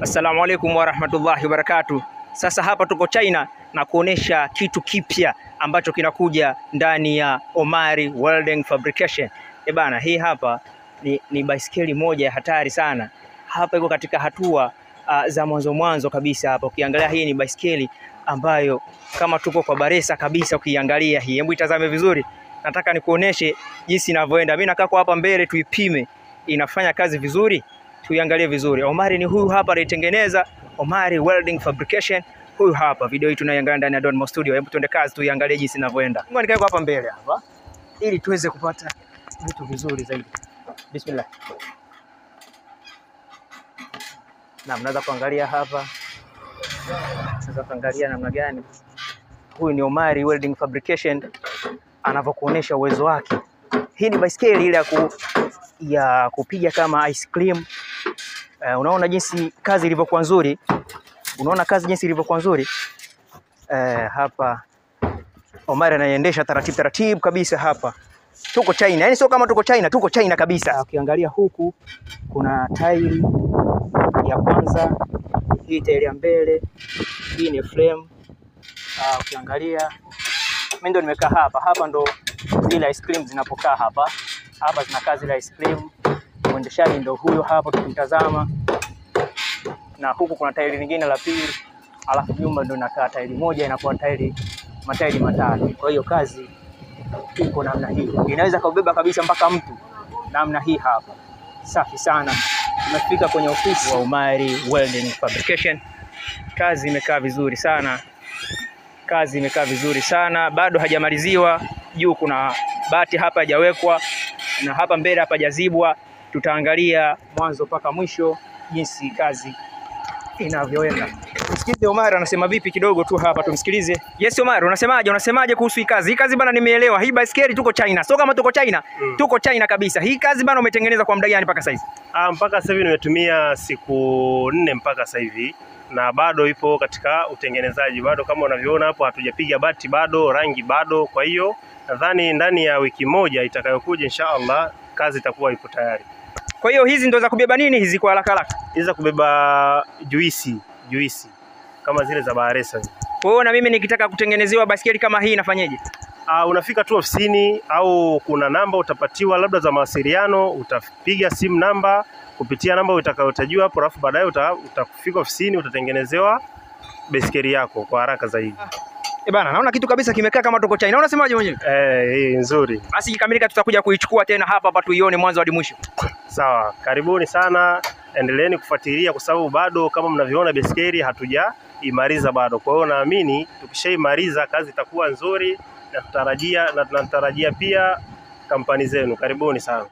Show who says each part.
Speaker 1: Assalamu alaikum warahmatullahi wabarakatu Sasa hapa tuko China na kuonesha kitu kipya ambacho kinakuja ndani ya Omari Welding Fabrication. E bana, hii hapa ni, ni baiskeli moja ya hatari sana. Hapa iko katika hatua uh, za mwanzo mwanzo kabisa. Hapa ukiangalia hii ni baiskeli ambayo kama tuko kwa Baresa kabisa. Ukiangalia hii, hebu itazame vizuri, nataka nikuoneshe jinsi inavyoenda. Mimi nakaa kwa hapa mbele tuipime, inafanya kazi vizuri tuiangalie vizuri. Omari ni huyu hapa alitengeneza Omari Welding Fabrication huyu hapa. Video hii tunaiangalia ndani ya Donmo Studio. Hebu tuende kazi tuiangalie jinsi inavyoenda. Ngoja nikae hapa mbele hapa ili tuweze kupata vitu vizuri zaidi. Bismillah. Na mnaweza kuangalia hapa, Sasa kuangalia namna gani huyu ni Omari Welding Fabrication anavyokuonesha uwezo wake. Hii ni baiskeli ile ya, ku, ya kupiga kama ice cream Uh, unaona jinsi kazi ilivyokuwa nzuri, unaona kazi jinsi ilivyokuwa nzuri. Uh, hapa Omari anaiendesha taratibu taratibu kabisa hapa. Tuko China, yani sio kama tuko China, tuko China kabisa. Ukiangalia huku kuna tairi ya kwanza, hii tairi ya mbele, hii ni frame. Uh, ukiangalia mimi ndo nimekaa hapa hapa, ndo zile ice cream zinapokaa hapa hapa, zinakaa zile ice cream Mwendeshaji ndio huyo hapo tukitazama na huku kuna tairi lingine la pili, alafu nyuma ndio inakaa tairi moja, inakuwa tairi matairi matatu. Kwa hiyo kazi iko namna hii, inaweza kubeba kabisa mpaka mtu namna hii hapa. Safi sana, tumefika kwenye ofisi wa Umairi Welding Fabrication. Kazi imekaa vizuri sana, kazi imekaa vizuri sana, bado hajamaliziwa. Juu kuna bati hapa hajawekwa, na hapa mbele hapa hajazibwa tutaangalia mwanzo mpaka mwisho jinsi kazi inavyoenda. Msikilize Omar anasema vipi kidogo tu hapa tumsikilize. Yes Omar, unasemaje? Unasemaje kuhusu hii kazi? Hii kazi bana, nimeelewa. Hii baiskeli tuko China. Sio kama tuko China. Mm. Tuko China kabisa. Hii kazi bana umetengeneza kwa muda gani mpaka sasa hivi?
Speaker 2: Ah, mpaka sasa hivi nimetumia siku nne mpaka sasa hivi na bado ipo katika utengenezaji bado, kama unavyoona hapo, hatujapiga bati bado, rangi bado. Kwa hiyo nadhani ndani ya wiki moja itakayokuja, insha Allah, kazi itakuwa ipo tayari.
Speaker 1: Kwa hiyo hizi ndo za kubeba nini hizi kwa haraka haraka?
Speaker 2: Hizi za kubeba juisi, juisi kama zile za Baresa.
Speaker 1: Kwa hiyo na mimi nikitaka kutengenezewa basikeli kama hii nafanyeje?
Speaker 2: Uh, ah, unafika tu ofisini au kuna namba utapatiwa labda za mawasiliano, utapiga simu namba kupitia namba utakayotajua hapo, alafu baadaye utafika ofisini utatengenezewa baiskeli yako kwa haraka zaidi. Ah.
Speaker 1: Eh, bana naona kitu kabisa kimekaa kama toko chai. Na unasemaje mwenyewe?
Speaker 2: Eh, hii nzuri.
Speaker 1: Basi ikikamilika tutakuja kuichukua tena hapa hapa tuione mwanzo hadi mwisho.
Speaker 2: Sawa. Karibuni sana. Endeleeni kufuatilia kwa sababu bado kama mnavyoona beskeri hatujaimaliza bado. Kwa hiyo naamini tukishaimaliza kazi itakuwa nzuri na tutarajia na tunatarajia pia kampani zenu. Karibuni sana.